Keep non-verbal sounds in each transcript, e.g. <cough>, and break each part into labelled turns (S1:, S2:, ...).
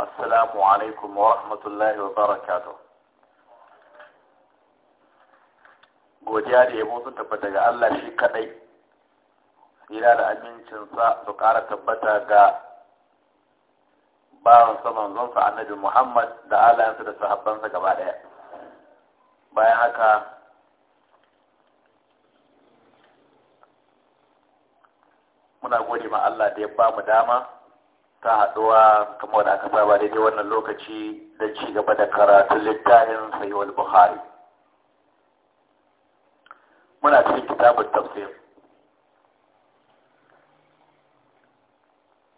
S1: السلام عليكم ورحمة الله وبركاته godiya da yabo sun tabbata ga Allah shi kaɗai. yana da amincinsa su ƙara tabbata ga bawan saman zonsa annabi Muhammad da alayansa da sahabbansa gaba ɗaya bayan haka muna gode ma Allah da ya ba mu dama ta haɗuwa kamar da aka saba daidai wannan lokaci da ci gaba da karatun littafin sayuwar buhari muna cikin kitabun tafsir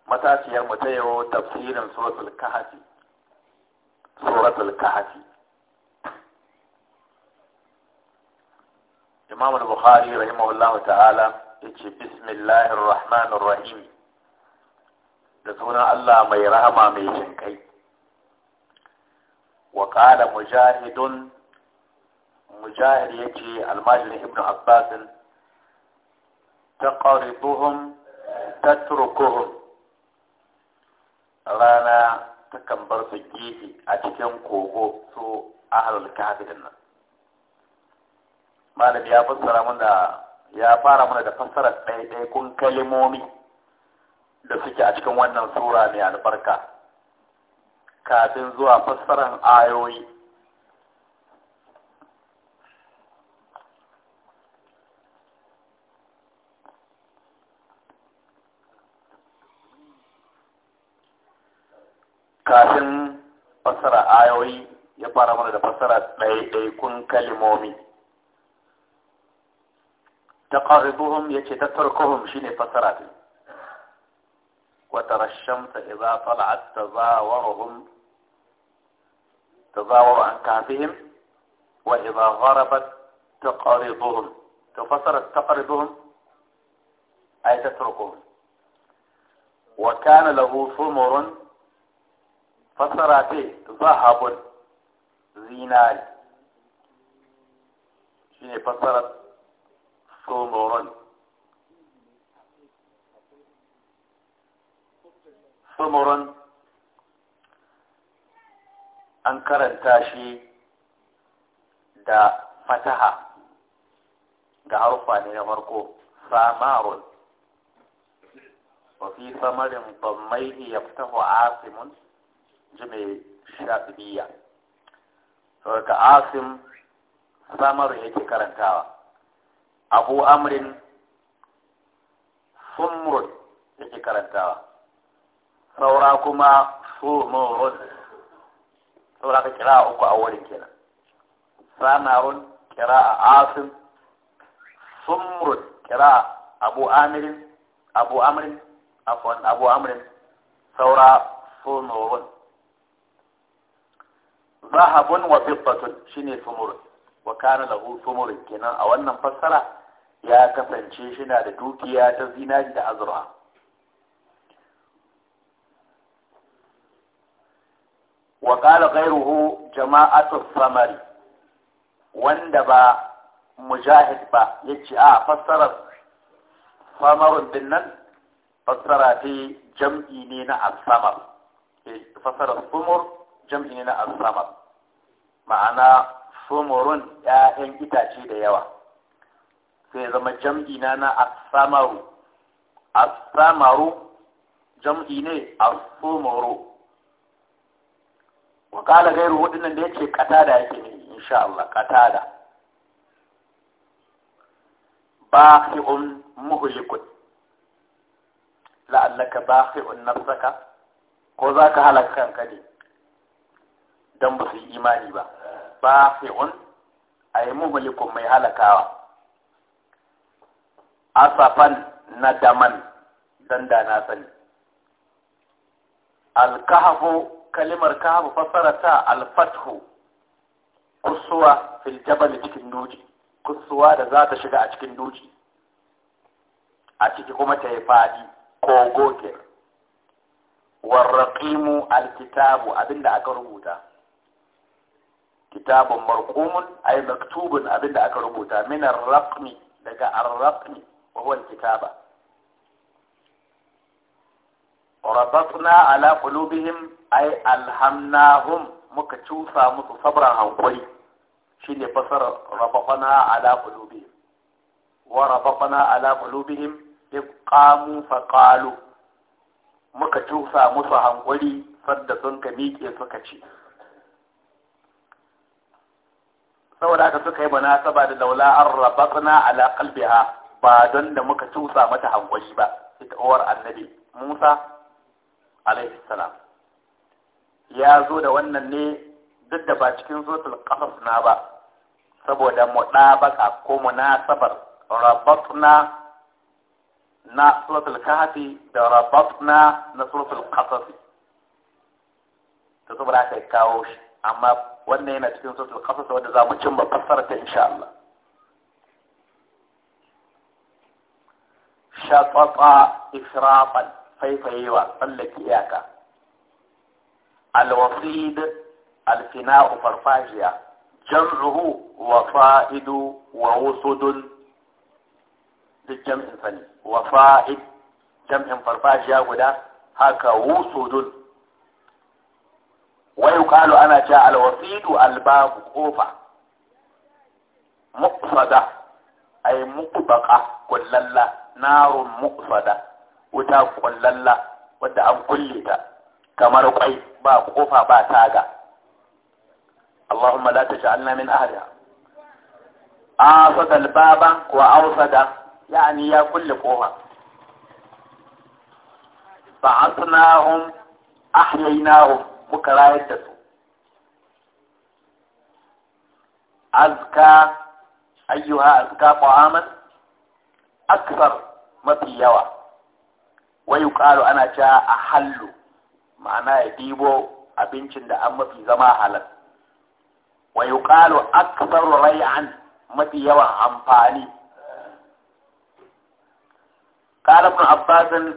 S1: matashiyar mu ta yau tafsirin suratul kahfi suratul kahfi imam Buhari, rahimahullahu ta'ala yace bismillahir rahmanir rahim da sunan Allah mai rahama mai jinkai wa qala mujahidun mujahid yace almajiri ibnu abbas taqribuhum tatrukuhum rana takan bar su gefe a cikin kogo su a kahfi din nan Malam ya fassara mana ya fara mana da fassarar ɗaiɗaikun kalimomi da suke a cikin wannan sura mai albarka kafin zuwa fassarar ayoyi kafin fassara ayoyi ya fara mana da fassara ɗaiɗaikun kalimomi ta buhun ya ce ta tarkuhum shi ne fassara ta وترى الشمس إذا طلعت تزاورهم تزاور عن كهفهم وإذا غربت تقرضهم تفسرت تقرضهم أي تتركهم وكان له ثمر فسراته ذهب زينال شيء فسرت ثمر humurun an karanta shi da fataha ga harfa ne na farko samarun wafi samarin ne ya fita asimun ji shafiya shafibiya ga asim samarun yake karantawa abu amrin sumrun yake karantawa saura kuma sumurun saura ka kira uku a wurin kenan sanarun kira a asim sumrun kira abu amirin abu amirin afwan abu amirin saura sumurun zahabun wa fiddatun shine sumurun wa kana lahu sumurun kenan a wannan fassara ya kasance shi na da dukiya ta zinari da azurwa. wa qala ghayruhu jama'atu samari wanda ba mujahid ba yace a fassara samarun din nan fassara ta jam'i ne na al-samar eh, fassara sumur jam'i ne na al-samar ma'ana sumurun 'ya'yan itace da yawa sai zama jam'i na na al-samaru al-samaru jam'i ne al-sumuru wa kala gairu waɗannan da yake katada yake ne insha Allah katada baqi'un muhlikun la'allaka baqi'un nafsaka ko zaka halaka kanka ne dan ba su yi imani ba baqi'un ay muhlikun mai halakawa asafan nadaman dan da na sani alkahafo kalimar kahabu fassarata alfathu kusuwa fil jabal cikin doji kusuwa da za ta shiga a cikin doji a ciki kuma ta yi fadi ko goke warraqimu alkitabu abinda aka rubuta kitabun marqumun ay maktubun abinda aka rubuta min arraqmi daga arraqmi wa huwa alkitaba rabatna ala qulubihim ay alhamnahum muka cusa musu sabran hankali, shine fasara rabatna ala qulubihim wa rabatna ala qulubihim ibqamu faqalu muka cusa musu hankali, sadda sun ka miƙe suka ce saboda haka suka yi munasaba saboda laula an rabatna ala qalbiha ba don da muka cusa mata hankali ba ita uwar annabi Musa عليه السلام يا زود وانا ني ضد باتكين زود القصص نابا سبو دمو نابك اقوم ناسبر ربطنا نصلة الكهفي ربطنا نصلة القصص تتوب راك الكاوش اما وانا ينا تكين زود القصص وانا زامتشم بقصرك ان شاء الله شطط إفراطا faifayewa tsallake iyaka alwasid alfina'u farfajiya jam'uhu wa fa'idu wa wusudun duk jam'in sani wa fa'id jam'in farfajiya guda haka wusudun wa yuqalu ana ta alwasidu albabu kofa muqsada ay muqbaqa kullalla narun muqsada wuta kullalla wadda an kulle ta kamar kwai ba kofa ba taga Allahumma la taj'alna min ahliha asad al-baba wa awsada yani ya kulle kofa ba'athnahum ahyaynahum muka rayar da su azka ayyuha azka qaman akthar mafi yawa wani ƙaru ana cewa a hallo ma'ana ya ɗibo abincin da an mafi zama halal wa yuqalu aktharu ray'an mafi yawan amfani qala ibn abbas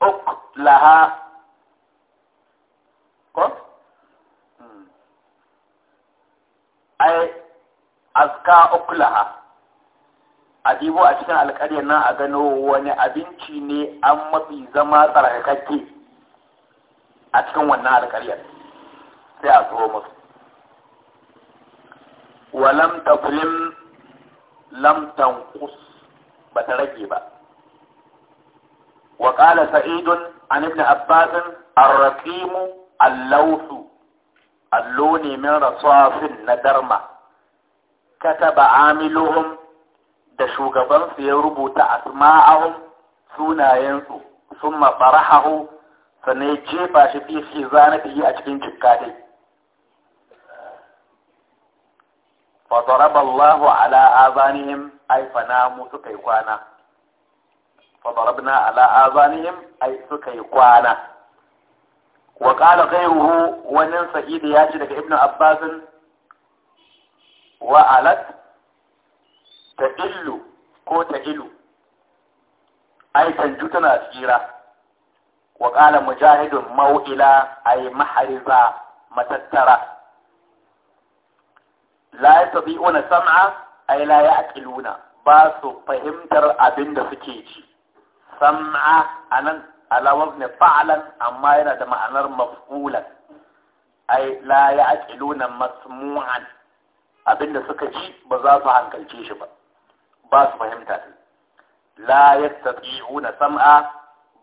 S1: uk laha ko hmm. ai azka laha. a ɗibo a cikin alƙaryar nan a gano wani abinci ne an mafi zama tsarkakakke a cikin wannan alƙaryar sai a zuwa musu walam taflim lam kus ba ta rage ba Waƙala sa'idun an ibn abbasin ar-raqim allo ne min rasafin na darma kataba amiluhum da shugabansu ya rubuta asma'ahum sunayensu sun mafarahahu sannan ya jefa shi fi shi yi a cikin cikka dai فضرب الله على آذانهم أي فناموا سكي قوانا فضربنا kwana. آذانهم أي سكي قوانا وقال ya ce daga Ibn ابن عباس ta illu ko ta ilu ai tanju tana tsira wa qala mujahidun mau'ila ai mahariza matattara la ya yastati'una sam'a ai la ya ya'qiluna ba su fahimtar abin da suke ji sam'a anan ala ne fa'lan amma yana da ma'anar maf'ulan ai la ya ya'qiluna masmu'an abinda suka ci ba za su hankalce shi ba ba su fahimta la na sam'a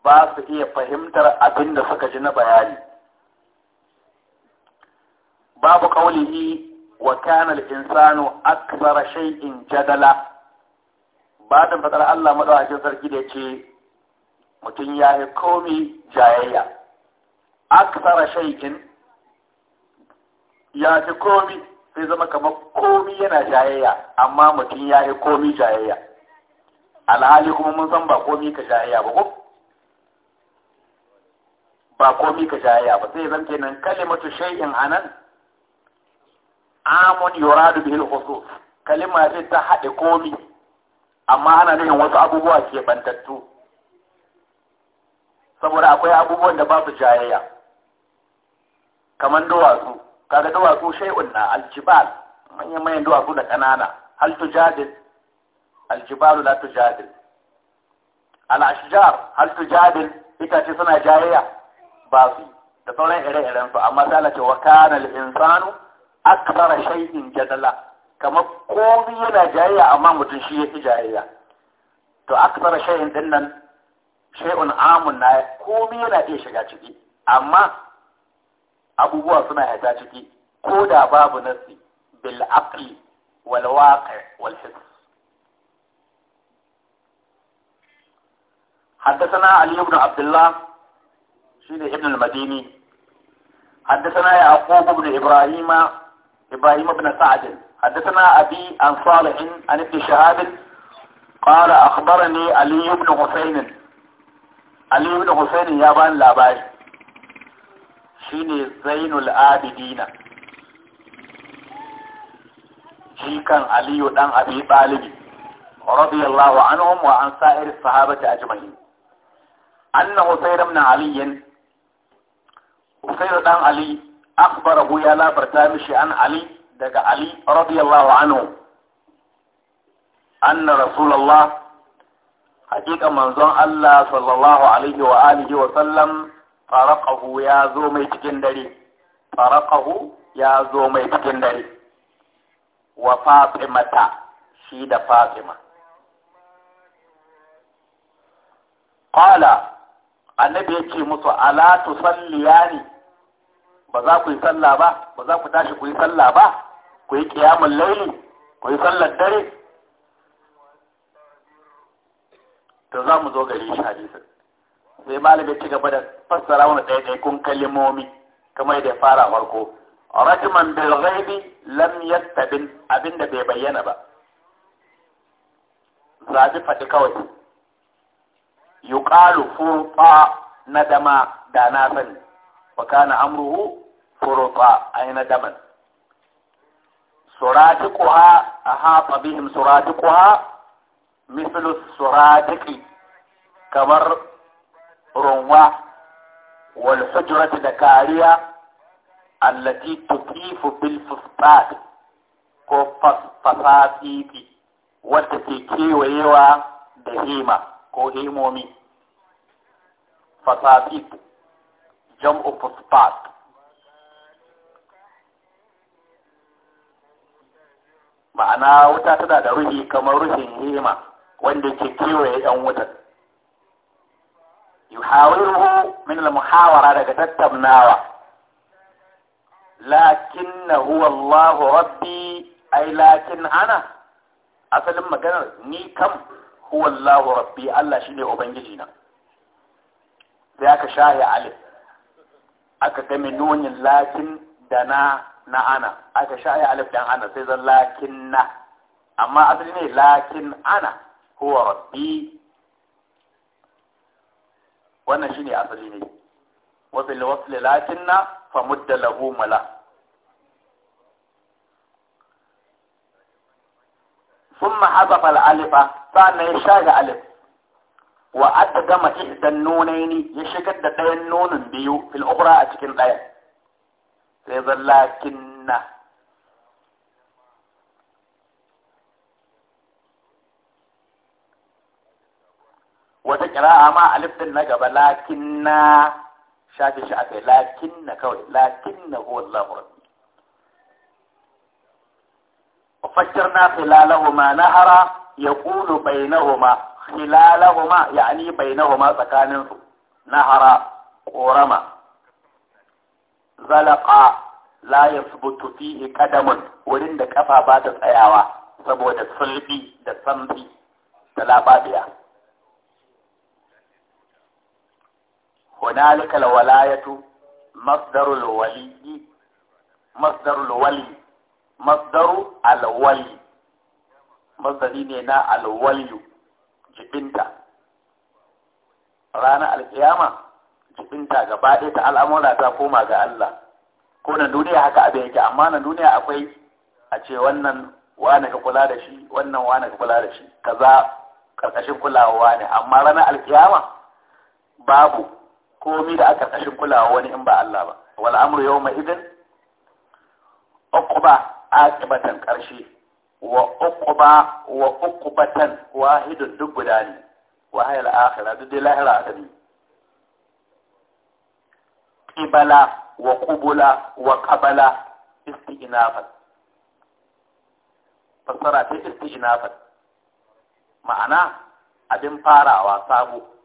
S1: ba su iya fahimtar abin da suka ji na bayani babu qawlihi wa kana al-insanu akthara shay'in jadala ba da fadar Allah madawacin sarki da ce mutum ya komi jayayya akthara shay'in ya fi komi sai zama kamar komi yana jayayya amma mutum ya yi komi jayayya alhali kuma mun san ba komi ka jayayya ba ko ba komi ka jayayya ba sai zan kenan kalimatu shay'in anan amun yuradu bihi al-khusus kalima ce ta haɗe komi amma ana nufin wasu abubuwa ke bantattu saboda akwai abubuwan da babu jayayya kamar duwatsu kaga duwatsu shay'un na aljibal manyan manyan duwatsu da ƙanana hal tujadil aljibalu la tujadil al ashjar hal tujadil itace suna jayayya ba su da sauran ire-iren su amma sai ce wa kana al insanu akbar shay'in jadala kamar komai yana jayayya amma mutum shi yake jayayya to akbar shay'in dinnan shay'un amun na komai yana iya shiga ciki amma abubuwa suna hata ciki ko da babu nasi bil aqli wal حدثنا علي بن عبد الله شين ابن المديني حدثنا يعقوب بن إبراهيم إبراهيم بن سعد حدثنا أبي عن صالح عن ابن شهاب قال أخبرني علي بن حسين علي بن حسين يابان لاباري Shi shine zainul abidina jikan aliyu dan abi talibi radiyallahu anhum wa an sa'ir sahabati ajma'in anna husayr ibn ali husayr dan ali akhbarahu ya labarta mishi an ali daga ali radiyallahu anhu anna rasulullah haƙiƙa manzon Allah sallallahu alaihi wa alihi wa sallam farakahu ya zo mai cikin dare farakahu ya zo mai cikin dare wa fatimata shi da fatima qala annabi yake musu ala tusalliyani ba za ku yi sallah ba ba za ku tashi ku yi sallah ba ku yi qiyamul layli ku yi sallar dare to za mu zo gari shi hadisin sai malami ci gaba da fassara wani ɗaiɗaikun kalimomi kamar ya fara farko rajman bil ghaibi lam yastabin abinda bai bayyana ba zabi faɗi kawai yuqalu furqa nadama da na sani wa kana amruhu furqa ay nadaman suratiquha ahata bihim suratiquha mithlu suratiqi kamar runwa wal hujrat da kariya allati tukifu bil fustat ko fasafiti wadda ke kewayewa da hima ko himomi fasafit jam'u fustat ma'ana wuta tana da ruhi kamar ruhin hima wanda ke kewaye 'yan wutar yuhawiruhu min al-muhawara daga tattaunawa lakinna huwa Allahu rabbi ai lakin ana asalin maganar ni kam huwa Allahu rabbi Allah shine ubangiji na sai aka shahi alif aka game nunin lakin da na na ana aka shahi alif dan ana sai zan lakin na amma lakin ana huwa rabbi wannan shine asali ne wa bil wasl lakinna fa mudda lahu mala thumma hadafa al alifa sa'an ya shaga alif wa adgama ihdan nunaini ya da dayan nunun biyu fil ukhra a cikin daya sai zalakinna wata kira'a ma alif din na gaba lakin na shafi shi akai lakin na kawai lakin na huwa Allahu rabbi ففجرنا خلالهما نهرا يقول بينهما خلالهما يعني بينهما سكان نهرا قرما زلقا لا يثبت فيه قدم ورين da kafa ba ta tsayawa saboda sulbi da sambi da labadiya هنالك الولاية مصدر الولي مصدر الولي مصدر الولي مصدر دينا الولي جبنتا رانا القيامة جبنتا gaba ta al'amura ta koma ga Allah ko na duniya haka abin yake amma na duniya akwai a ce wannan wani ka kula da shi wannan wani ka kula da shi kaza karkashin kulawa ne amma ranar alkiyama babu komi da aka kashin kulawa wani in ba Allah ba wal amru yawma idin uqba aqibatan karshe wa uqba wa uqbatan wahidun duk guda ne wa hayal akhirah duk dai lahira akali qibala wa qubula wa qabala isti'nafan fassara ta isti'nafan ma'ana abin farawa sabo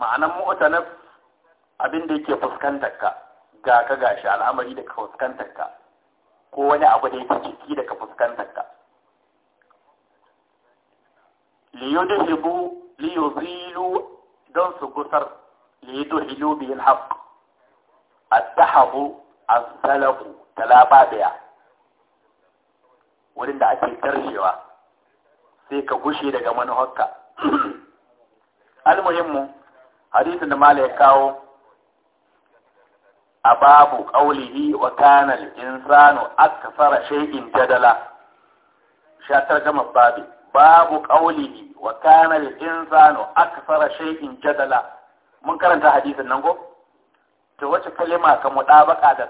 S1: ma'anan mu'tanab abin da yake fuskantar ka ga ka gashi al'amari da ka fuskantar ka ko wani abu da yake ciki da ka fuskantar ka liyudhibu liyuzilu don su gusar liyudhilu bil haqq ad as talababiya wurin da ake karshewa sai ka gushe daga Al <clears throat> almuhimmu hadisin da mala ya kawo a babu qaulihi wa kana al-insanu fara shay'in jadala sha tarjama babu babu qaulihi wa kana al-insanu fara shay'in jadala mun karanta hadisin nan go to wace kalima ka mudabaka da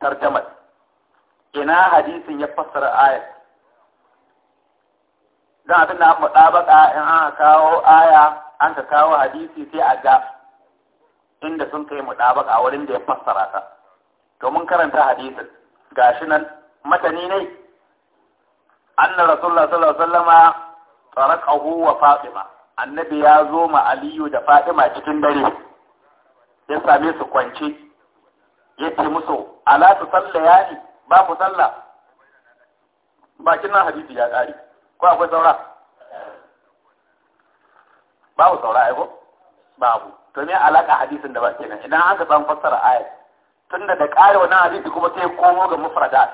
S1: tarjamar ina hadisin ya fassara ayat dan abin da aka mudabaka in aka kawo aya an ka kawo hadisi sai a ga inda sun kai mu a wurin da ya fassara ta to mun karanta hadisin gashi nan matani ne anna rasulullah sallallahu alaihi wasallama tarakahu wa fatima annabi ya zo ma aliyu da fatima cikin dare ya same su kwance ya ce musu ala tu sallaya yani ba ku salla bakin nan hadisi ya kare. ko akwai saura babu saura ai babu to me alaka hadisin da ba kenan idan an ka san fassara ayat tunda da kare wannan hadisi kuma sai komo ga mufradat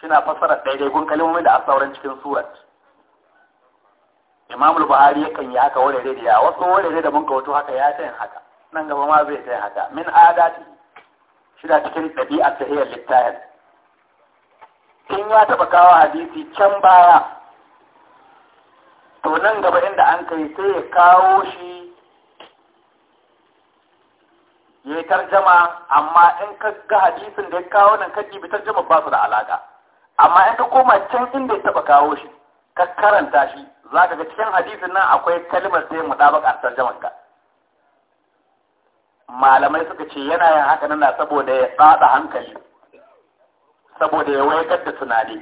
S1: shina fassara daidai gun kalmomin da a cikin surat Imam al-Buhari yakan yi haka wurare da ya wasu wurare da mun wato haka ya tayin haka nan gaba ma zai tayin haka min adati shida cikin dabi'a ta hayyar littayar in ya taɓa kawo hadisi can baya to nan gaba inda an kai sai ya kawo shi ya yi tarjama amma in ka ga hadisin da ya kawo nan kaji bi tarjama ba su da alaƙa, amma in ka koma can inda ya taɓa kawo shi ka karanta shi za ka ga cikin hadisin nan akwai kalmar sai mu ɗabaka a tarjaman ka malamai suka ce yana yin haka nan saboda ya tsada hankali saboda ya waikar da tunani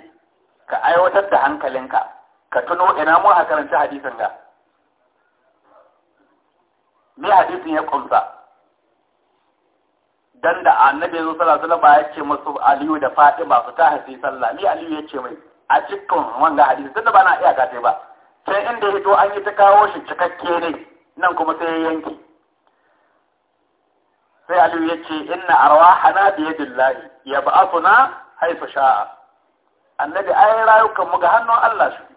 S1: ka aiwatar da hankalinka ka tuno ina mu a karanta hadisin da me hadisin ya kunsa dan da annabi zo sallallahu alaihi wasallam ya ce musu aliyu da fatima su ta hasi sallah ni aliyu ya ce mai a cikin wannan hadisi tunda ba na iya kace ba sai inda ya to an yi ta kawo shi cikakke ne nan kuma sai ya yanke sai aliyu ya ce inna arwahana bi yadillahi yab'athuna haythu sha'a annabi ayi rayukan mu ga hannun Allah shi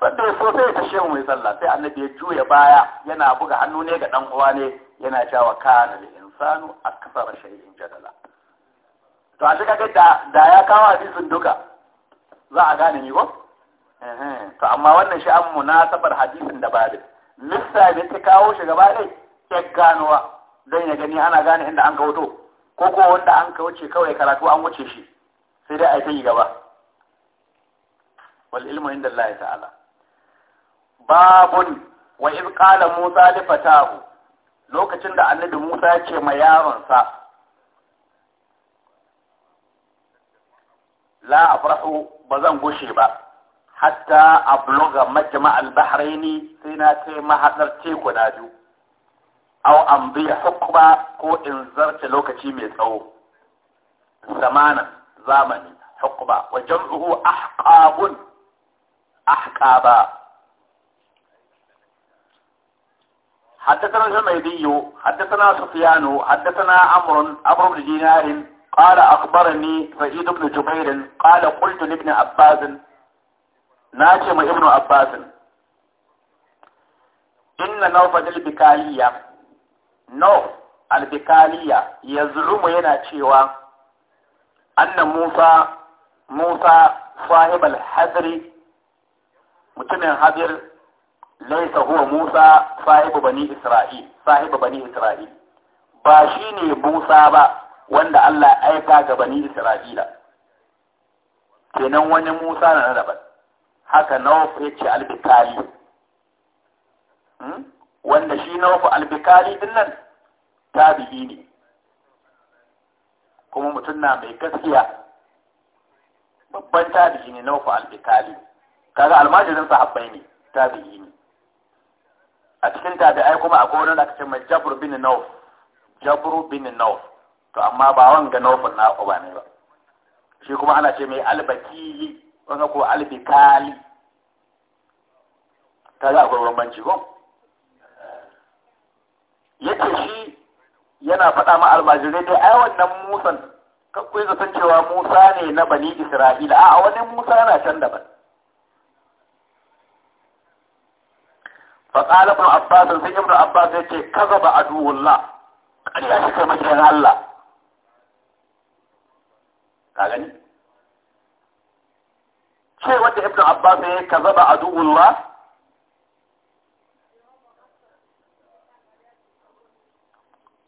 S1: sanda ya so sai ya kashe mai sallah sai annabi ya juya baya yana buga hannu ne ga dan uwa ne yana cewa kana lil insanu akthara shay'in jadala to a duka da da ya kawo hadisin duka za a gane ni ko eh to amma wannan shi an munasabar hadisin da babin lissa da ta kawo shi gaba dai ya ganowa dan ya gani ana gane inda an kawo ko ko wanda an wuce kawai karatu an wuce shi sai dai a yi ta yi gaba wal ilmu inda Allah ta'ala babun wa in qala musa li fatahu lokacin da annabi musa ya ce ma yaronsa la afrahu ba zan gushe ba hatta abluga majma al-bahraini sai na kai mahadar teku na biyu aw bi hukma ko in zarce lokaci mai tsawo zamana zamani hukma wa jam'uhu ahqabun ahqaba حدثنا الحميدي حدثنا سفيان حدثنا عمر عمر بن دينار قال أخبرني سعيد بن جبير قال قلت لابن عباس ناجم ابن عباس إن نوف البكالية نوف البكالية يزعم ينا cewa أن موسى موسى صاحب الحذر متمن حذر laisa huwa Musa sahibu bani Isra'il sahibu bani Isra'il ba shine Musa ba wanda Allah ya aika ga bani Isra'ila kenan wani Musa na daban haka Nawf yace al-Bikali hmm? wanda shi Nawf al-Bikali din nan tabi'i ne kuma mutum na mai gaskiya babban tabi'i ne Nawf al-Bikali kaga almajirin sahabbai ne tabi'i ne a cikin ai kuma akwai wani aka ce mai Jabru bin nauf Jabru bin nauf to amma ba wanga naufin na ba ne ba shi kuma ana ce mai albakili wanga ko albikali ta za akwai banci ko yake shi yana faɗa ma almajirai dai ai wannan musan kakwai zaton cewa musa ne na bani isra'ila a wani musa yana can daban فقال ابن عباس sai ibn abbas yace kazaba aduwullah kariya shi kai makiyan Allah ka gani ce wanda ibn abbas ya kazaba aduwullah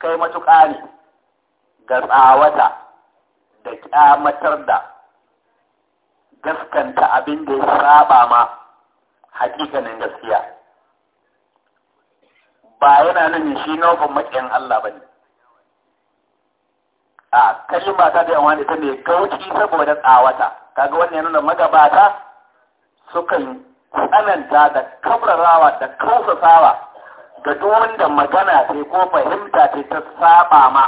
S1: kai matuƙa ne ga tsawata da kyamatar da gaskanta abin da ya saba ma hakikanin gaskiya ba yana nufin shi nufin maƙiyan Allah ba ne. A ba ta da yawa ne ta mai gauci saboda tsawata, kaga wani yana da magabata sukan tsananta da kabrarawa da kausasawa ga duk da magana sai ko fahimta ce ta saba ma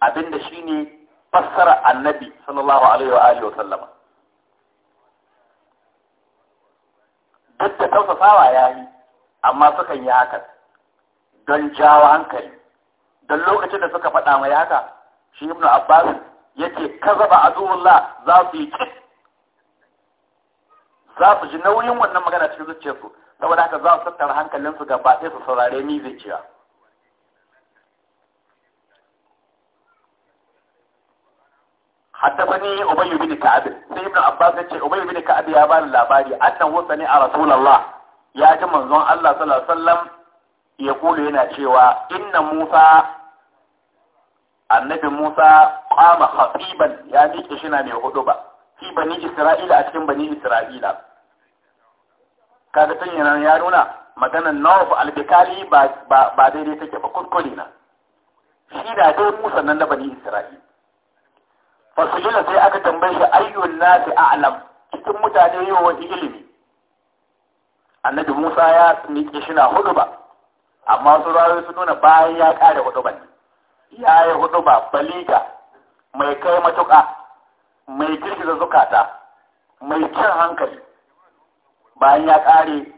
S1: abinda ne fassara annabi sallallahu alaihi wa alihi wa sallama. Duk da kausasawa ya yi, amma sukan yi hakan. don jawo hankali don lokacin da suka faɗa mai haka shi ibnu abbas ya yake kaza ba azumullah za su yi cik za su ji nauyin wannan magana cikin zuciyarsu saboda haka za su tattara hankalinsu gaba ɗaya su saurare ni zuciya hatta bani ubay bin ka'ab sai ibnu abbas yace ubay bin ka'ab ya bani labari annahu sani a rasulullah ya ji manzon Allah sallallahu alaihi wasallam ya kula yana cewa inna Musa annabi Musa kwama khatiban ya miƙe shi na mai hudu ba fi bani Isra'ila a cikin bani Isra'ila kaga tun yana ya nuna maganar Nawf al-Bikali ba ba daidai take ba kuskure na shi da dai Musa nan da bani Isra'ila fasulila sai aka tambaye shi ayyun nasi a'lam cikin mutane yawan ilimi annabi Musa ya miƙe shi na hudu ba amma su rawayoyi su nuna bayan ya kare hudubar ya yi ba baliga mai kai matuƙa mai girgiza zukata mai cin hankali bayan ya kare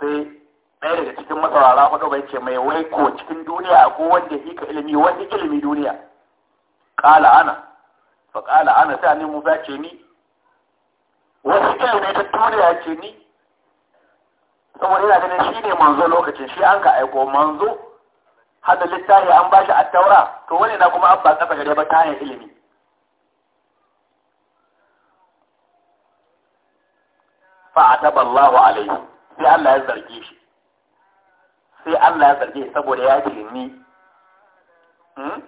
S1: sai ɗaya daga cikin masaurara hudu bai ce mai waiko cikin duniya ko wanda yi ka ilimi wani ilimi duniya ƙala ana fa ƙala ana sai nemo ba ce ni wasu ilimi ta duniya ce ni saboda yana ganin shi ne manzo lokacin shi an ka aiko manzo hada littafi an bashi a taura to wani na kuma abba kasa gare ba ta hanyar ilimi fa'ataba Allahu alaihi sai Allah ya zarge shi sai Allah ya zarge saboda ya ce ni hmm?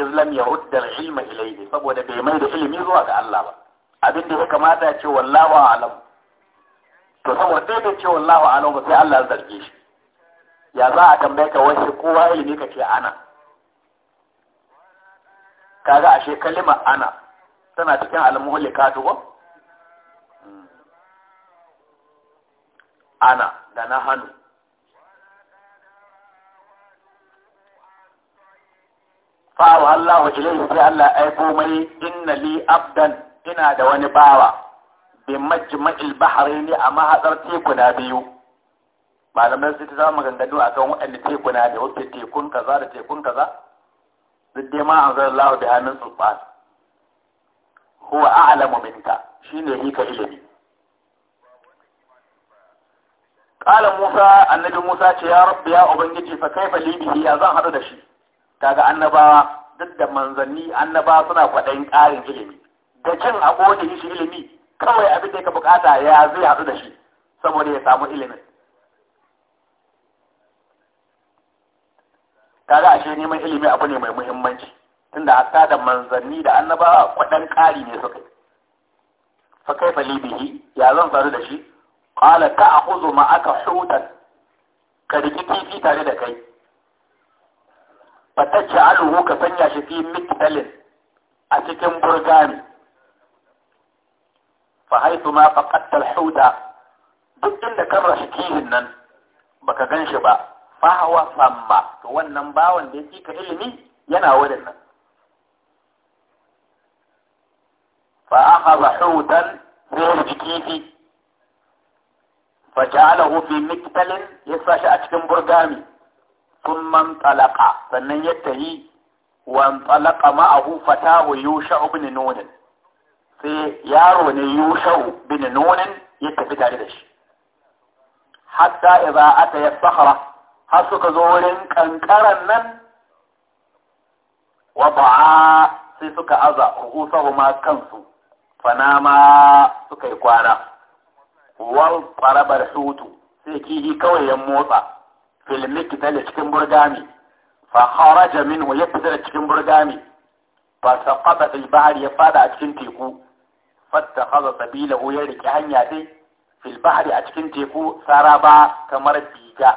S1: Islam ya hudda ilma ilaihi saboda bai mai da ilimi zuwa ga Allah ba abin da ya kamata ya ce wallahu a'lam to saboda bai ce wallahu alam ba sai Allah ya zarge shi ya za a tambaye ka wasu kowa ilimi ka ce ana kaga ashe kalima ana tana cikin almuhlikatu ba ana da na hannu Fa Allah wa sai Allah aiko mai inna li abdan ina da wani bawa fi majma'il bahraini a mahadar tekuna biyu malamai su ta zama maganganu akan teku tekuna da wasu tekun kaza da tekun kaza duk dai ma an zara lahu bi hannun sulfan huwa a'lamu minka shine ka ilimi qala musa annabi musa ce ya rabbi ya ubangiji fa kaifa li bihi ya zan hadu da shi kaga annabawa duk da manzanni annabawa suna kwaɗayin ƙarin ilimi da kin a gode shi ilimi kawai abin da yake bukata ya zai hadu da shi saboda ya samu ilimin kaga ashe neman ilimi abu ne mai muhimmanci tunda hatta da manzanni da annabawa kwaɗan ƙari ne suka fa fa libihi ya zan faru da shi qala ma aka hutan ka riki kifi tare da kai fatacce aluhu ka sanya shi fi miktalin a cikin burgani ما فقدت الحوت قلت لك رشكيه انن بك غنشبا فهو فما وانن باوان بيسيك علمي ينا ولن فأخذ حوتا فيه بكيفي فجعله في مكتل يسرش أتكم برقامي ثم انطلق فنن يتهي وانطلق معه فتاه يوشع بن نون sai yaro ne yushau bin nunin ya tafi tare da shi hatta aka ata sahara har suka zo wurin kankaran nan wa ba'a sai suka aza rusahu ma kansu fanama suka yi kwana wal farabar hutu sai kihi kawai ya motsa filmi da cikin burgami fa kharaja minhu ya fita cikin burgami fa saqata al ya fada a cikin teku fattakhadha sabilahu ya rike hanya dai fil bahri a cikin teku saraba kamar biga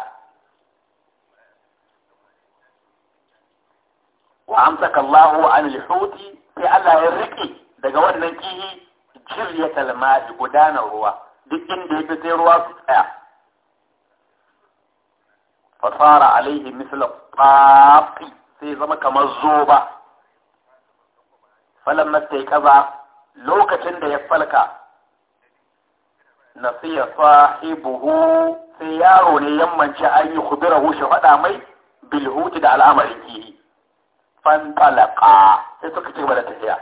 S1: wa amsaka Allahu an al-huti sai Allah ya rike daga wannan kihi jiryatal ma'i gudanar ruwa duk inda ya sai ruwa su tsaya fasara alaihi misla qafi sai zama kamar zoba falamma sai kaza lokacin da ya falka nasiya sahibuhu sai yaro ne yammanci an yi khubirahu shi faɗa mai bilhuti da al'amarin kiri fantalaka sai suka ci gaba da tafiya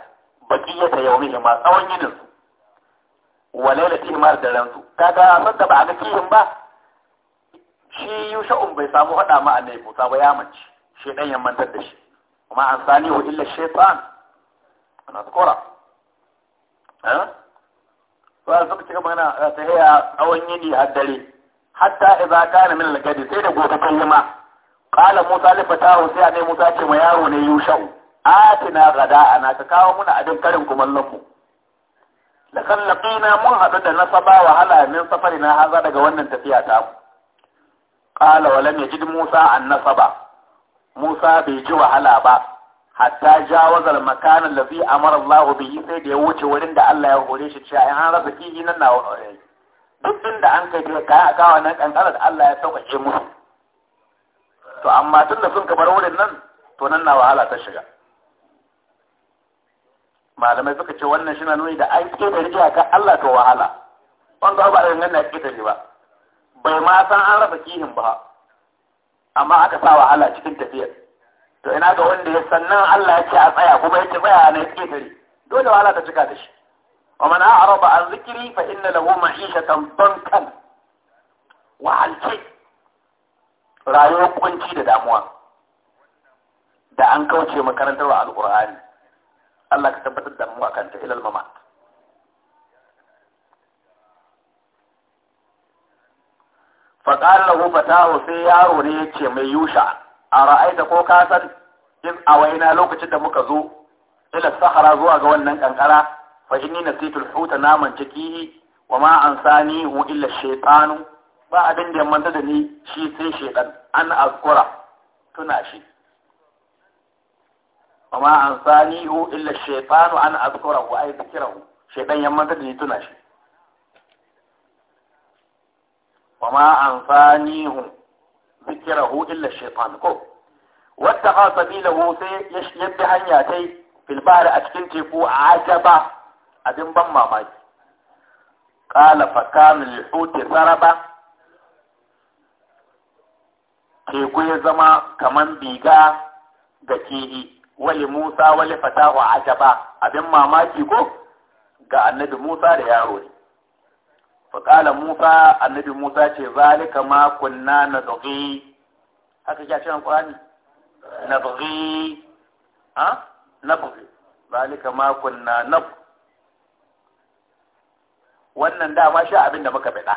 S1: baqiyata yawmihim ma tsawon yinin su wa lailati mar da ransu kaga san da ba a ga kihin ba shi yusha'un bai samu faɗa ma annabi Musa ba ya mace shi dan yammantar da shi kuma an sanihu illa shaytan ana tsora ba suka cika a ta haya tsawon yini a dare hatta iza kana min al sai da gobe kan ma kala musa li fatahu sai ne musa ce ma yaro ne A tina, gada ana ka kawo muna abin karin kumallon mu lakan laqina mun haɗu da nasaba wahala, hala min na haza daga wannan tafiya ta mu kala walam yajid musa an nasaba musa bai ji wahala ba hatta jawazal makan a amara Allah bihi sai da ya wuce wurin da Allah ya hore shi cewa in an rasa kihi nan na wani duk inda an kai da kaya ga wannan kankara da Allah ya sauƙaƙe musu to amma tun da sun kabar wurin nan to nan na wahala ta shiga malamai suka ce wannan shi na nuni da an da ƙetare iyakar Allah to wahala wanda ba da nan na ƙetare ba bai ma san an rasa kihin ba amma aka sa wahala cikin tafiyar to ina ga wanda ya sannan Allah ya ce a tsaya kuma ya ce tsaya na ƙetare dole wahala ta cika da shi wa man a'rada an zikri fa inna lahu ma'ishatan bankan wa halce rayuwar kunci da damuwa da an kauce makarantar wa alqur'ani Allah ka tabbatar da mu akan ta ilal mama fa qala lahu fatahu sai yaro ne yace mai yusha a ra'aita ko ka san in a waina lokacin da muka zo ila sahara zuwa ga wannan kankara fa inni nasitul huta naman ciki wa ma ansani hu illa shaytanu ba abin da ya manta da ni shi sai shaytan an azkura tuna shi wa ma ansani hu illa shaytanu an azkura wa ay dhikruhu shaytan ya manta da ni tuna shi wa ma ansani hu zikirahu illa shaitan ko wata ha sabilahu sai ya bi hanya ta yi filbari a cikin teku a ajaba abin ban mamaki kala fakanu lihuti saraba teku ya zama kaman biga ga kihi wali musa wali fatahu ajaba abin mamaki ko ga annabi musa da yaro ne faƙala musa annabi musa ce zalika ma kunna na zafi haka ya cikin ƙwani na zafi ha na zafi zalika ma kunna na wannan dama sha abin da muka faɗa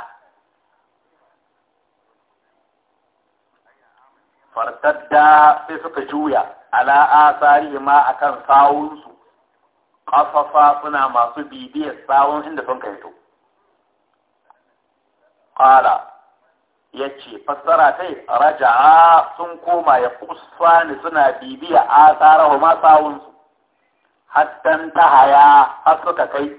S1: fartadda sai suka juya ala asari ma akan sawunsu ƙafafa suna masu bibiyar sawun inda sun kai to qala yace fassara kai raja'a sun koma ya kusani suna bibiya a tsarahu ma sawun su hattan haya, har suka kai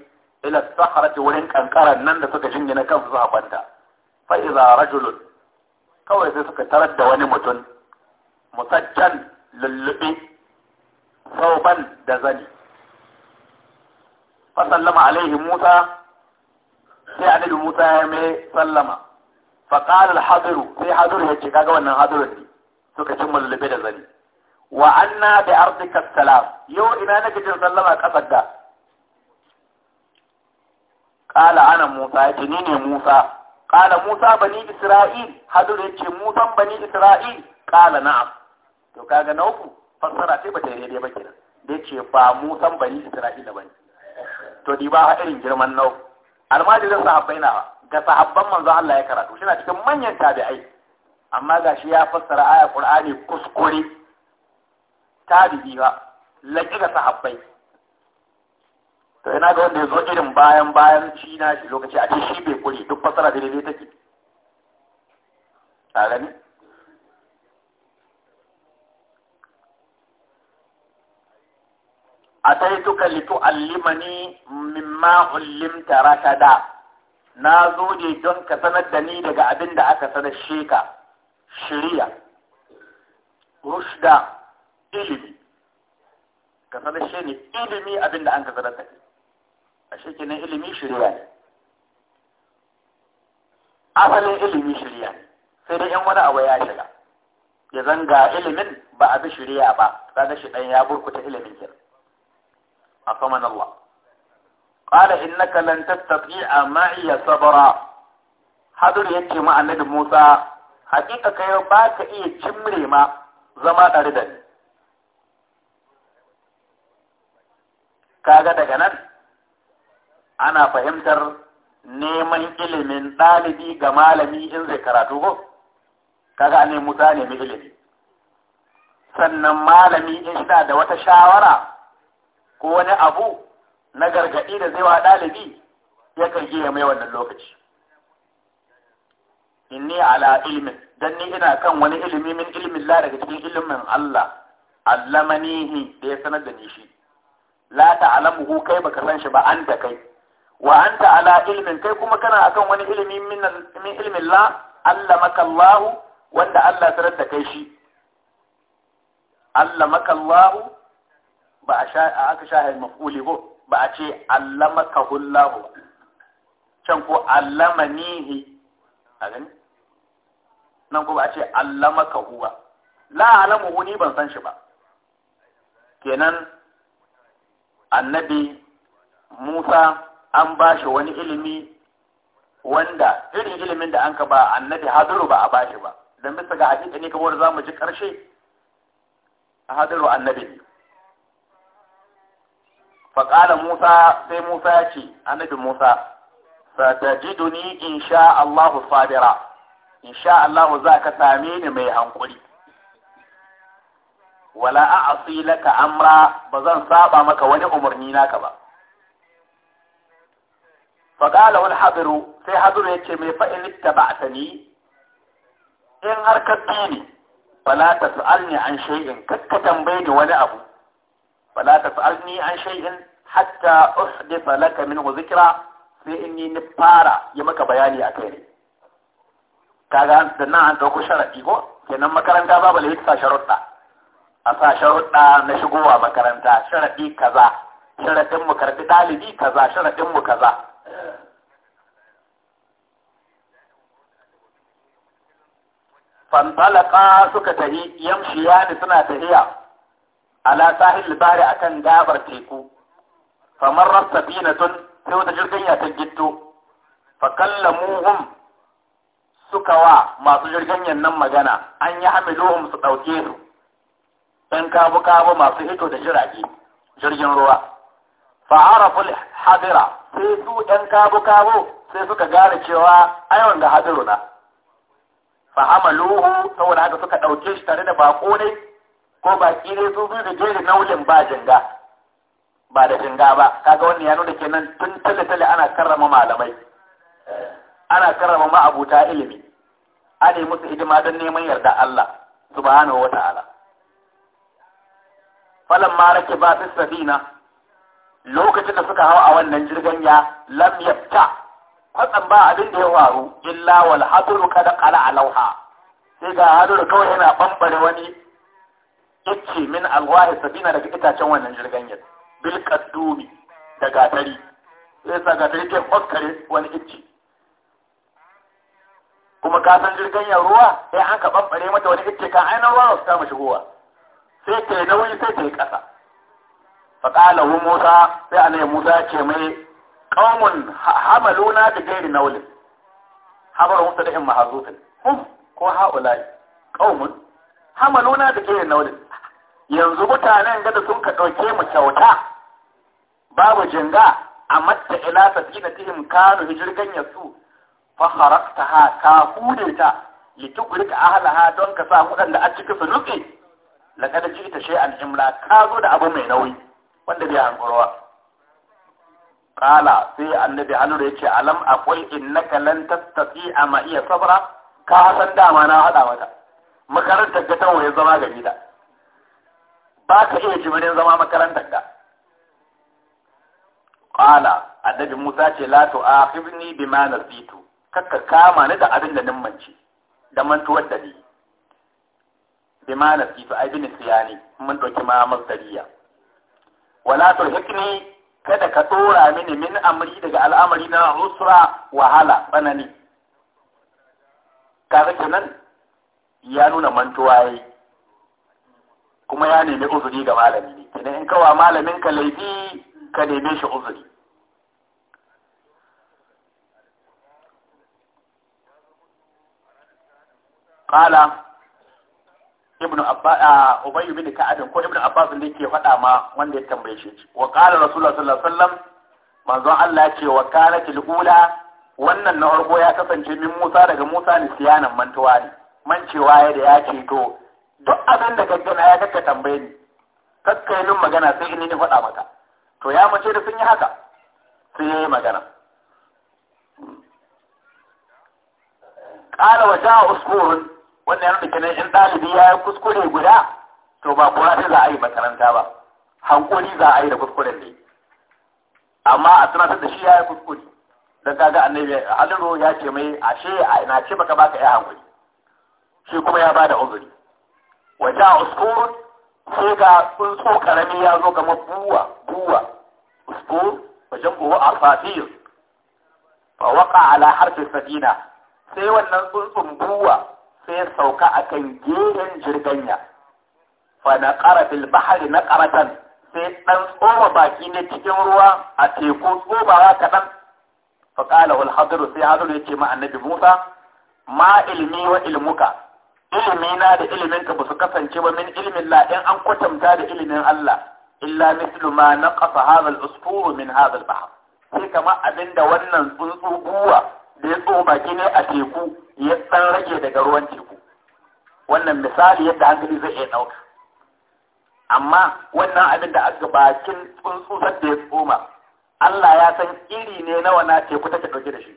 S1: ila sahrati wurin kankaran nan da suka jingina kansu su kwanta fa idza rajulun kawai sai suka tarar da wani mutum musajjan lullubi sauban da zani fa sallama alaihi musa sai annabi Musa ya mai sallama fa al-hadiru sai hadiru ya ce kaga wannan hadiru ne suka cin mulube da zani wa anna bi ardika salam yau ina nake jin sallama kasar da qala ana Musa ya ce ni ne Musa qala Musa bani Isra'il hadiru ya ce Musa bani Isra'il qala na'am to kaga na uku fassara sai bata yi daidai ba kenan da ce ba Musan bani Isra'ila bane to di ba irin girman nau almajirin sahabbai na ga sahabban manzo Allah ya karatu shi na cikin manyan tabi'ai amma ga shi ya fassara aya Qur'ani kuskure tabi'i ba laki ga sahabbai to ina ga wanda ya zo irin bayan bayan shi na shi lokaci a ce shi bai kure duk fassara daidai take ta gani ataituka litu'allimani mimma ullimta rashada na zo ne don ka sanar da ni daga abin da aka sanar sheka shiriya rushda ilimi ka sanar shi ne ilimi abin da an ka sanar da ni a shekinan ilimi shiriya ne asalin ilimi shiriya ne sai dai yan wani abu ya shiga ya zanga ilimin ba a bi shiriya ba kaga shi dan ya burkuta ilimin kenan afaman Allah qala innaka lan tastati'a ma'iya sabra hadur yake ma annabi Musa hakika kai ba ka iya cimre ma zama tare da ni kaga daga nan ana fahimtar neman ilimin ɗalibi ga malami in zai karatu ko kaga ne Musa nemi ilimi sannan malami in shi da wata shawara ko wani abu na gargaɗi da zai wa ɗalibi ya karge ya mai wannan lokaci inni ala ilimin, don ni ina kan wani ilimi min ilimin la daga cikin ilimin Allah allamanihi da ya sanar da ni shi la ta'lamuhu kai baka san shi ba da kai wa anta ala ilimin kai kuma kana akan wani ilimi min min la Allah makallahu wanda Allah sanar da kai shi Allah makallahu ba a sha aka sha hay maf'uli ko ba a ce allamaka hullahu can ko allamanihi a gani nan ko ba a ce allamaka huwa la alamu ni ban san shi ba kenan annabi Musa an ba shi wani ilimi wanda irin ilimin da an ka ba annabi hadiru ba a ba shi ba don bisa ga hadisi ne kamar za mu ji karshe a hadiru annabi faƙala musa sai musa ya ce annabi musa satajiduni insha Allahu sabira insha Allahu za ka same ni mai hankuri wala a'si laka amra ba zan saba maka wani umarni naka ba faƙala wani hadiru sai hadiru ya ce mai fa'in ittaba'tani in har ka bi ni fala ta su'alni an shay'in kakka tambaye ni wani abu fala ta su'alni an shay'in hatta uhdisa laka minhu zikra sai in yi ni fara yi maka bayani a kai ne kaga da nan an dauko sharadi ko kenan makaranta babu lahi sa sharuɗa a sa sharuɗa na shigowa makaranta sharadi kaza sharadin mu karbi dalibi kaza sharadin mu kaza fantalaka suka tahi yamshiyani suna tahiya ala sahil bari akan gabar teku famarrar tun sai wata jirganya ta gitto fakallamuhum suka wa masu jirgin nan magana an yi hamiluhum su ɗauke su ɗan kabu-kabu masu hito da jirage jirgin ruwa fa'araful hadira sai su ɗan kabu-kabu sai suka gane cewa ayon da hadiru na fa'amaluhu saboda haka suka ɗauke shi tare da bako ne ko baƙi ne su biyu da jerin naulin ba jinga ba da jinga ba kaga wannan ya nuna kenan tun tale-tale ana karrama malamai ana karrama ma'abuta ilimi ana yi musu hidima don neman yarda Allah subhanahu wa ta'ala falan ma rake ba su sabina lokacin da suka hau a wannan jirgin ya lam yafta kwatsan ba abin da ya faru illa wal hadru kada qala alauha sai ga hadru kawai yana bambare wani icce min alwahi sabina daga itacen wannan jirgin ya bil kaddumi da gatari sai sa gatari ke ɓaskare wani icci kuma ka san jirgin ya ruwa sai an ka ɓamɓare mata wani inci kan ainihin ruwa su kama shigowa sai ta yi nauyi sai ta yi ƙasa hu musa sai annabi musa ce mai qaumun hamaluna da gairi naulin habar musa da in mahazutun. hum ko haulai qaumun hamaluna da gairi naulin yanzu mutanen gada sun ka ɗauke mu kyauta babu jinga a matta ila tihim kanu hijirgan yasu fa kharaqtaha ka hude ta litugrika ahlaha don ka sa waɗanda a cikin su nutse laqad jita shay'an imla ka zo da abu mai nauyi wanda bai hankurwa qala sai annabi hanur yace alam akwai innaka lan a ma iya sabra ka san dama na hada mata makarantar ga tawaye zama gari da ba ka iya jimirin zama makarantar ga qala annabi Musa ce la tu'akhibni bima nasitu kakka kama ni da abin da nin mance da mantuwar da ni bima nasitu ai bin siyani mun ɗauki ma masdariya wala tulhikni kada ka tsora mini min amri daga al'amari na usra wahala tsanani kaga kenan ya nuna mantuwa yayi kuma ya nemi uzuri ga malami ne kenan in kawa malamin ka laifi ka neme shi uzuri Kala ibnu abba ubayy bin ka'ab ko ibnu abbas ne ke faɗa ma wanda ya tambaye shi wa qala rasulullah sallallahu alaihi wasallam manzo Allah ya ce wa kanatil ula wannan na farko ya kasance min Musa daga Musa ne siyanan mantuwa ne cewa ya da ya ce to duk abin da ka ya kaka tambaye ni kakkai min magana sai in ne faɗa maka to ya mace da sun yi haka sai ya yi magana ƙara wa ja uskurun wannan yana kenan in ɗalibi ya yi kuskure guda to ba kura sai za a yi makaranta ba hankuri za a yi da kuskuren ne amma a tunatar da shi ya yi kuskure don ga annabi haliru ya ce mai ashe a ina ce baka baka ya hankuri shi kuma ya bada uzuri wa ja'a uskurun Sai ga tsuntsu karami ya zo kamar buwa buwa usko, wajen buwa a safir Ba waka ala harfin safina sai wannan tsuntsun buwa sai sauka a kan gehen jirganya fa na ƙarafin bahari na ƙaratan sai ɗan tsoma baki ne cikin ruwa a teku tsomawa kaɗan fa ƙala wal hadiru sai hadiru ya ce ma annabi musa ma ilmi wa ilmuka ilimi na da iliminka ka basu kasance ba min ilimin la in an kwatanta da ilimin Allah illa mislu ma naqasa hadha al-usfur min hadha al-bahr sai kama abinda wannan tsuntsu guwa da ya tsoma ne a teku ya san rage daga ruwan teku wannan misali yadda hankali zai iya ɗauka. amma wannan abin da aka bakin tsuntsu da ya tsoma Allah ya san iri ne nawa na teku take dauke da shi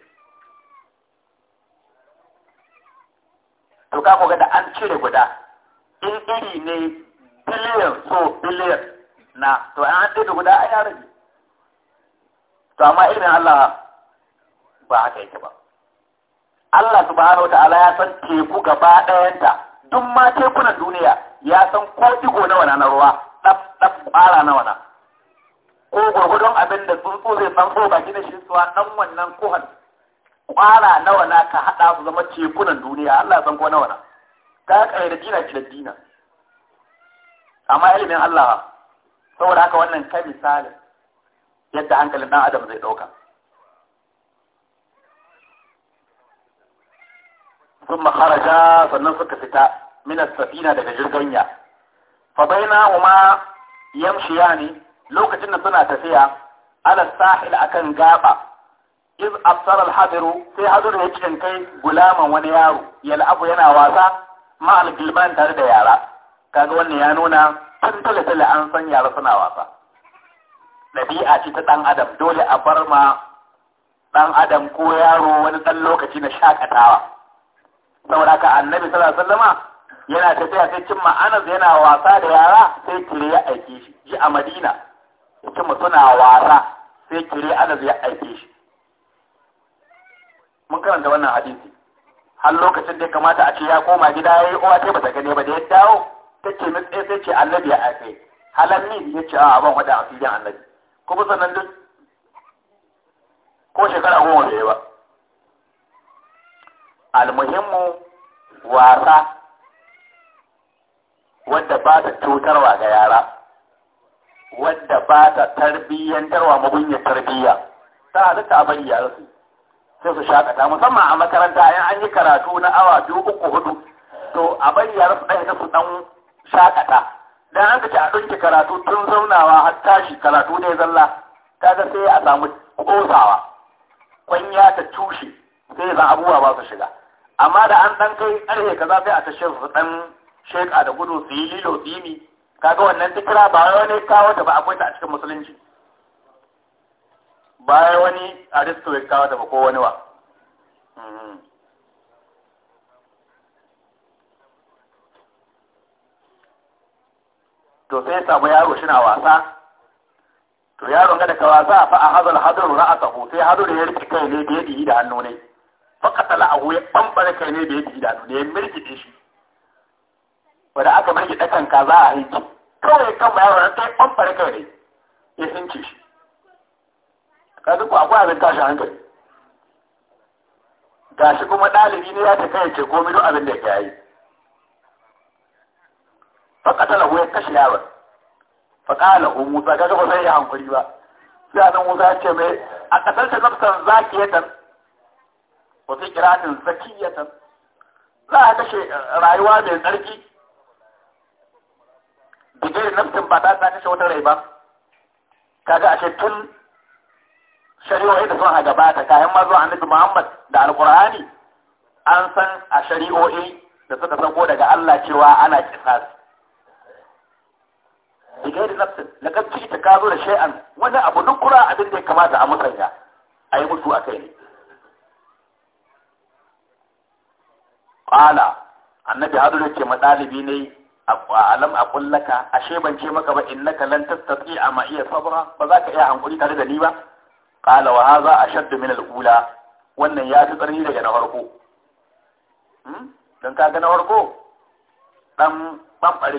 S1: to ka ga da an cire guda in iri ne biliyan so biliyan na to an ɗaya guda a yaran ne to amma irin Allah ba haka yake ba Allah subhanahu wa ta'ala ya san teku gaba ɗayanta duk ma tekunan duniya ya san ko digo nawa na ruwa ɗaf ɗaf ƙwara nawa na ko gwargwadon abin da tsuntsu zai san ko ba na shi suwa nan wannan kohan. kwara nawa na ka haɗa su zama cekunan duniya Allah san ko nawa na ka kai da dina ki da dina amma ilimin Allah saboda haka wannan kai misali yadda hankalin dan adam zai ɗauka. sun makaraja sannan suka fita minas safina daga jirganya fa baina huma yamshiyani lokacin da suna tafiya ala sahil akan gaba iz absara al-hadiru sai hadir ya kai gulaman wani yaro yal'abu yana wasa ma al tare da yara kaga wannan ya nuna tun tale an san yara suna wasa Nabi'a ce ta ɗan adam dole a bar ma ɗan adam ko yaro wani ɗan lokaci na shakatawa saboda ka annabi sallallahu alaihi yana tafiya sai cimma anas yana wasa da yara sai kire ya aike shi ji a madina cimma suna wasa sai kire anas ya aike shi mun karanta wannan hadisi har lokacin da ya kamata a ce ya koma gida ya yi uwa ce ba ta gane ba da ya dawo ta ce mai tsaye sai ce annabi ya aike halar ni ya ce a ban wada a filin annabi kuma sannan duk ko shekara goma da ya ba almuhimmu wasa wadda ba ta cutarwa ga yara wadda ba ta tarbiyyantarwa mabunyar tarbiyya ta halitta a bari su. sai su shakata musamman a makaranta yan an yi karatu na awa biyu uku hudu to a bayyana su ɗaya su ɗan shakata dan an kace a ɗauki karatu tun zaunawa har tashi karatu ne zalla ga sai a samu kosawa kwanya ta tushe sai za abubuwa ba su shiga amma da an ɗan kai ƙarfe kaza sai a tashe su ɗan sheka da gudu su yi lilo su yi kaga wannan tikira ba wani kawo ta ba akwai ta a cikin musulunci baya wani aristo ya kawo da ba ko wani wa mm-hmm. to sai ya samu yaro shi na wasa to yaron ga daga wasa fa a hazal hadaru ra'atahu sai hadaru ya rike kai ne da ya dihi da hannu ne fa qatala ahu ya bambare kai ne da ya dihi da hannu ne ya mirgide shi wanda aka ɗakan ka kaza a hinci kawai kan yaron ta bambare kai ne ya hinci shi kaga ko akwai abin tashi hankali gashi kuma dalibi ne ya ta kai ce komai duk abin da ya yi fakata lahu ya kashe yaron fakala hu musa kaga ba sai ya hankali ba sai anan musa ya ce mai a kasar ta nafsan zakiyatan wata kiratin zakiyatan za a kashe eh, rayuwa mai tsarki digiri nafsin ba ta kashe wata rai ba kaga ashe tun shari'o'i da sun gabata kayan mazo annabi Muhammad da Alkur'ani an san a shari'o'i da suka sako daga Allah cewa ana kisas bigairi nafsin laqad ji'ta ka zo da shay'an wani abu kura abin da ya kamata a musanya mutu musu kai ne ƙwala annabi hadu da ke matsalibi ne a alam a kullaka ashe ban ce maka ba innaka lan a ma iya sabura ba za ka iya hankuri tare da ni ba qala wa a shadda min al-ula wannan ya fi tsarni daga na farko don kaga na farko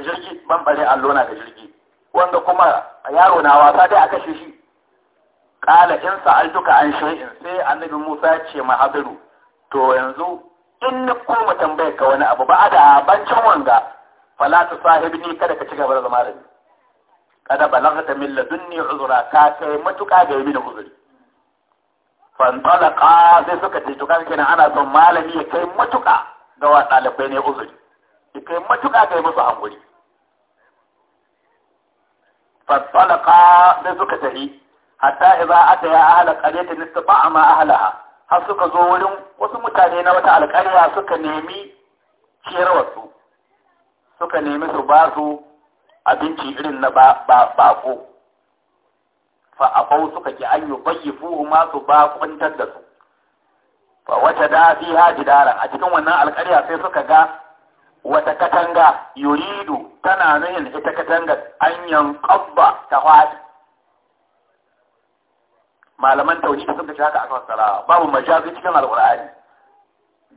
S1: jirgi bambare ga jirgi wanda kuma yaro na wasa dai aka shi shi ƙala in duka an shay'in sai annabi Musa ya ce ma to yanzu in ni koma tambayar ka wani abu ba da bancin wanga falata ta sahibni kada ka ci gaba da zama da ni kada balagta min ladunni uzura, ka kai matuƙa ga yi mini uzuri fantalaka sai suka ce to kan kenan ana son malami ya kai matuka ga wa ɗalibai ne uzuri ya kai matuka ga musu hankuri fantalaka sai suka tafi hatta idza ata ya ahla qaryati istata'a ma ahlaha har suka zo wurin wasu mutane na wata alƙarya suka nemi ciyarwar su suka nemi su ba su abinci irin na ko fa abau suka ki an yubayyifu ma su ba kuntar da su fa wata da Haji jidaran a cikin wannan alƙarya sai suka ga wata katanga yuridu tana nuhin ita katanga anyan yanqabba ta hadi malaman tauhidi sun ce haka aka fassara babu majazi cikin alqur'ani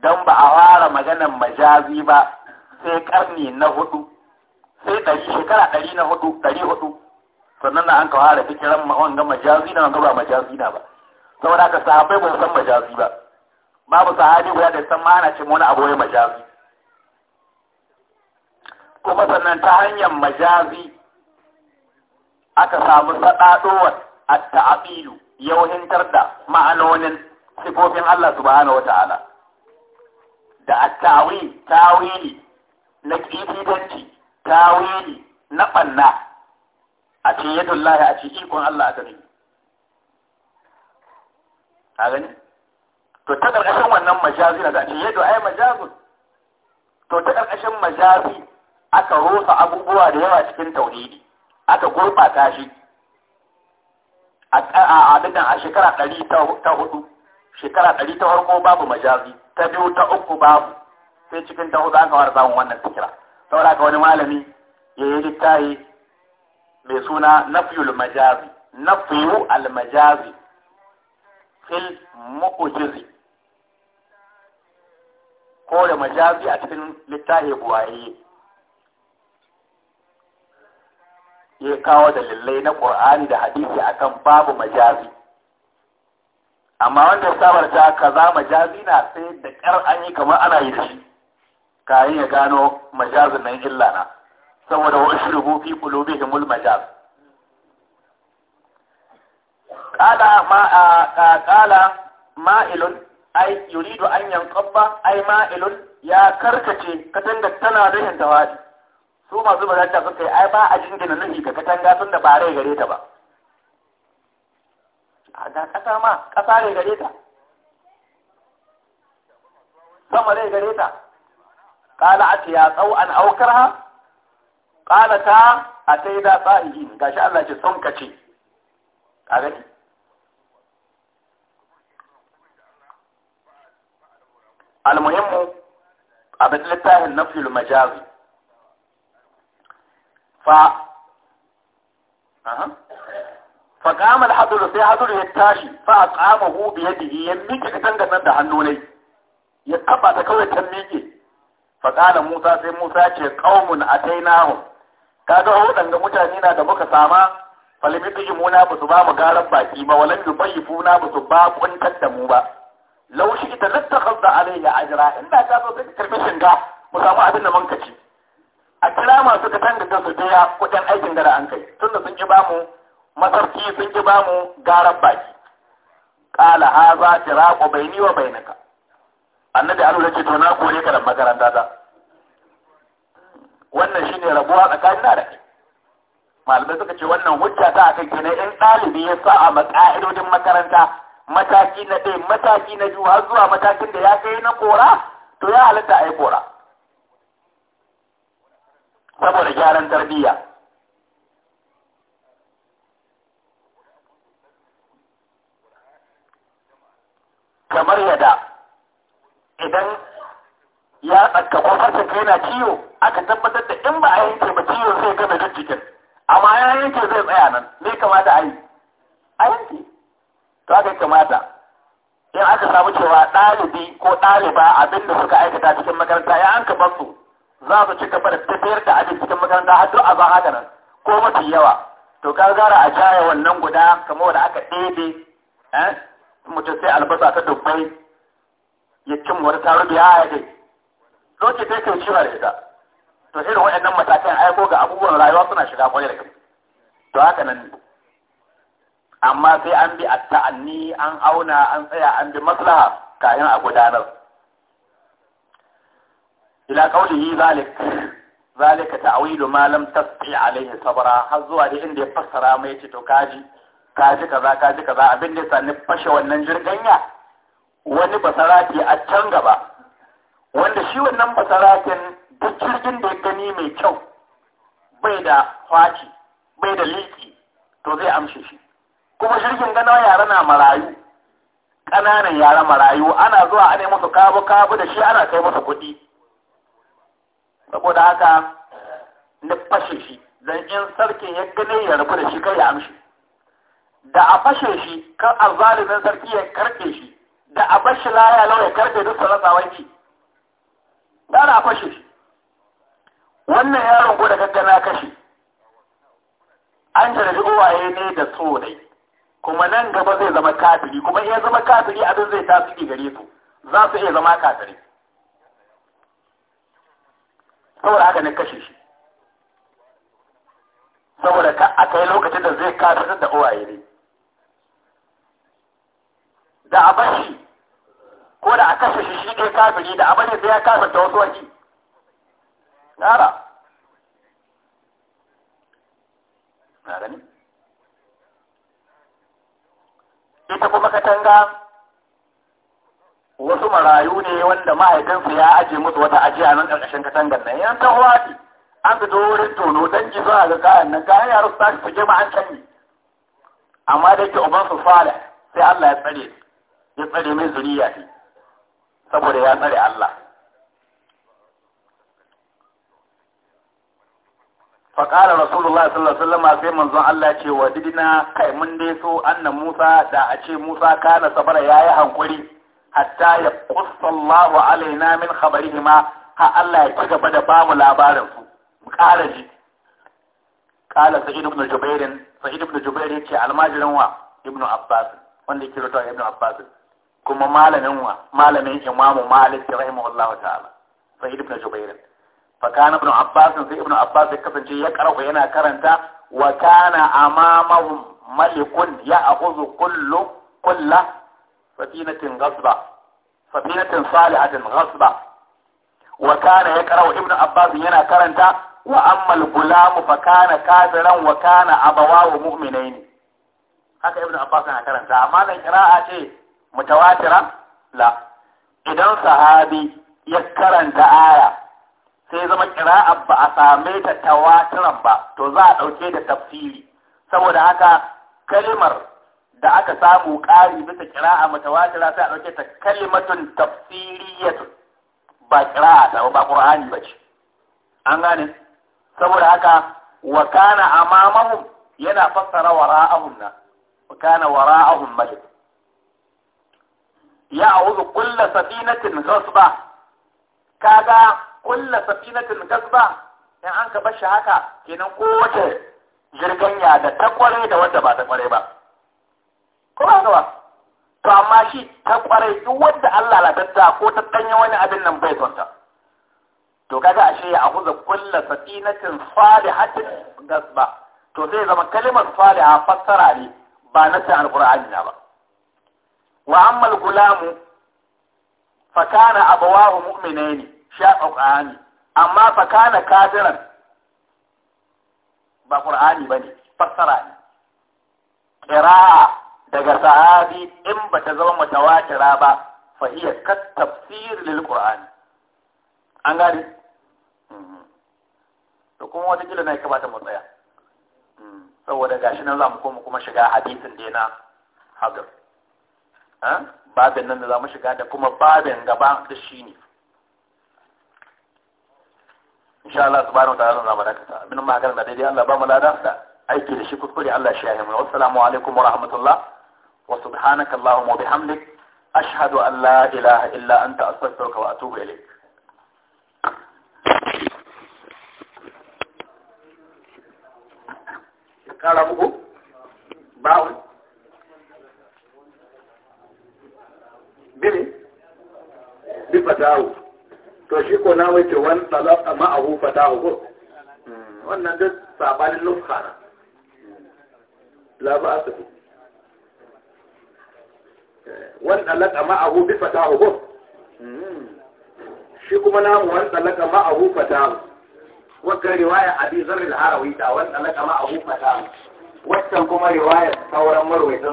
S1: dan ba a fara maganar majazi ba sai karni na hudu sai ɗari shekara ɗari na hudu ɗari hudu sannan na an kawo da fikiran wanga majazi na wanga ba majazi na ba saboda haka sahabbai ba san majazi ba babu sahabi guda da san ma ce wani abu majazi kuma sannan ta hanyar majazi aka samu saɗaɗowar a taabilu yauhintar da ma'anonin sifofin Allah subhanahu wata'ala da a tawili na kifidanci tawili na ɓanna a ce yadda Allah a ce ikon Allah aka nemi. a gani to ta ƙarƙashin wannan majazi na zaci yadda ai majazin to ta ƙarƙashin majazi aka rosa abubuwa da yawa cikin tauhidi aka gurɓata shi a abin a shekara ɗari ta hudu shekara ɗari ta farko babu majazi ta biyu ta uku babu sai cikin ta hudu aka fara samun wannan fikira saboda ka wani malami ya yi littafi mai suna nafiyul majazi nafiyu al-majazi fil mu'jizi ko da majazi a cikin littafi buwaye ya kawo dalilai na ƙur'ani da hadisi akan babu majazi amma wanda ya sabar ta kaza majazi na sai da kar an yi kamar ana yi da shi kayan ya gano majazin nan illa na saboda wa ushribu fi qulubihimul majaz qala ma qala ma'ilun ai yuridu an yanqabba ai ma'ilun ya karkace katanga tana rahin tawadi su masu bazata sun kai ai ba a jingina nahi ga katanga tun da ba gare ta ba a kasa ma kasa rai gare ta sama rai gare ta qala atiya an aukarha qalata ataida ga gashi Allah ce son kace ka gani almuhimmu abin littafin fil majazi fa فقام الحضر sai حضر ya tashi fa a bi yadihi ya miƙe katangar da hannu ne ya taba ta kawai ta miƙe fa qala Musa sai Musa ce qaumun atainahum kaga waɗanda mutane na da muka sama falimi tujimuna ba su ba mu garan baki ba walan da bai funa ba su ba kuntar da mu ba laushi ita lattakhadha alayya ajra inda ta so sai karbi shinga mu samu abin da mun kaci a kira masu ka tanga ta su biya kudin aikin da an kai tun da sun ki ba mu masarki sun ki ba mu garan baki qala hadha bai bayni wa bainaka annabi Allah ya ce to na kore ka da makaranta ta wannan shi ne rabuwa tsakanin na da kai malamai suka ce wannan hujja ta akan kenan in ɗalibi ya sa a matsa'idodin makaranta mataki na ɗaya mataki na biyu har zuwa matakin da ya kai na kora to ya halitta a yi kora saboda gyaran tarbiyya kamar yada idan ya tsakka kofar kai na ciwo aka tabbatar da in ba a yanke ba ciwon sai kada da cikin amma ya yanke zai tsaya nan me kamata a yi a yanke to aka kamata in aka samu cewa ɗalibi ko ɗaliba abinda suka aikata cikin makaranta ya anka bansu za su ci gaba da tafiyar da abin cikin makaranta har a ba haka nan ko mafi yawa to ka gara a jaya wannan guda kamar wanda aka ɗebe eh? mutum sai albasa ta dubbai ya cin wani tarubiya ya haɗe lokacin da kai ciwa da ita to irin waɗannan matakan aiko ga abubuwan rayuwa suna shiga kwarai da kai, to haka nan ne amma sai an bi a ta'anni an auna an tsaya an bi maslaha kayan a gudanar ila yi zalik zalika ta'wilu awilu Malam tasbi alaihi sabara har zuwa da inda ya fassara mai ce to kaji kaji kaza kaji kaza abin da Sani fashe wannan jirganya wani basarati a can gaba wanda shi wannan basaratin duk jirgin da ya gani mai kyau bai da kwaci bai da liki to zai amshe shi kuma jirgin gano yara na marayu ƙananan yara marayu ana zuwa ana musu kabu kabu da shi ana kai musu kuɗi saboda haka na fashe shi dan in sarkin ya gane ya rabu da shi kai ya amshi da a fashe shi kar a zalimin sarki ya karɓe shi da a bashi laya lau ya karɓe duk sarasa wanki da a fashe shi wannan yaron ko da gaggana kashi an jarabi uwaye ne da so kuma nan gaba zai zama kafiri kuma iya zama kafiri abin zai suke gare su za su iya zama kafiri saboda haka ne kashe shi saboda ka a kai lokacin da zai kafirar da uwaye ne da a bashi ko da a kashe shi shi ne kafiri da a bashi sai ya kafirta wasu wajen. nara ita kuma katanga wasu marayu ne wanda mahaifinsu ya ajiye musu wata ajiya nan ƙarƙashin katangar nan yan taho an fito wurin tono don ji zuwa ga kayan nan kayan yaro su tashi su ma an canji amma da yake uban su fara sai Allah ya tsare ya tsare mai zuriya ne saboda ya tsare Allah faƙarar rasulullah sallallahu alaihi sai manzon Allah ce wa didina kai mun dai so Annan Musa da a ce Musa kana sabara yayi hankuri hatta ya qussallahu alaina min khabarihima ha Allah ya ci gaba da ba mu labarin su mu ƙara ji qala sa'id ibn jubair sa'id ibn jubair yace almajirin wa ibn abbas wanda yake rawaita ibn abbas kuma malamin wa malamin imamu malik rahimahullahu ta'ala sa'id ibn jubair fa kana ibn abbas sai ibn abbas ya kasance ya karau yana karanta wa kana amamahum malikun ya'khudhu kullu kullu safinatin ghasba safinatin salihatin ghasba ya karau ibn abbas yana karanta wa amma gulamu haka ibn abbas yana karanta amma nan qira'a ce mutawatira la idan sahabi ya karanta aya sai zama kira'ar ba a same ta tawatiran ba to za a ɗauke da tafsiri saboda haka kalmar da aka samu ƙari bisa kira'a mutawatira sai a ɗauke ta kalimatun tafsiriyatun ba kira'a ta ba ƙur'ani ba ce an gane saboda haka wa kana amamahum yana fassara wara'ahum na wa kana wara'ahum malik ya wuzu kulla safinatin ghasba kaga kulla safinatin gazba in an ka shi haka kenan kowace jirganya da ta da wanda ba ta kware ba ko ba ba to amma shi ta kware duk wanda Allah ko ta danya wani abin nan bai tonta to kaga ashe ya ahuza kulla safinatin salihatin gazba to sai zama kalimar salihah fassara ne ba na sai alqur'ani ba wa amma gulamu fakana abawahu mu'minaini shaqa qur'ani amma fakana kafiran ba ba ne, fassara ne qira'a daga sahabi in ba ta zama mutawatira ba fa iya kat tafsir lil qur'ani an gane mm-hmm. to kuma wata kila na kamata mu tsaya mm. saboda gashi nan za mu koma kuma shiga hadisin da na hagar babin nan da za mu shiga da kuma babin gaba da shi ne insha Allah subhanahu wa ta'ala na barakata abin magana da daidai Allah ba mu lada da aiki da shi kuskure Allah shi ya yi mu assalamu alaikum wa rahmatullah wa subhanaka allahumma wa bihamdik ashhadu an la ilaha illa anta astaghfiruka wa atubu ilaik kara muku ba'un gini bi fatahu to shi ko na wace wani talaka ma'ahu fatahu ko hmm, wannan duk sabanin nufka na la ba su eh, wani talaka ma'ahu bi fatahu ko hmm. shi kuma namu wani talaka ma'ahu fatahu wanda riwaya abi zarri al-harawi ta wani talaka ma'ahu fatahu waccan kuma riwaya sauran marwaitan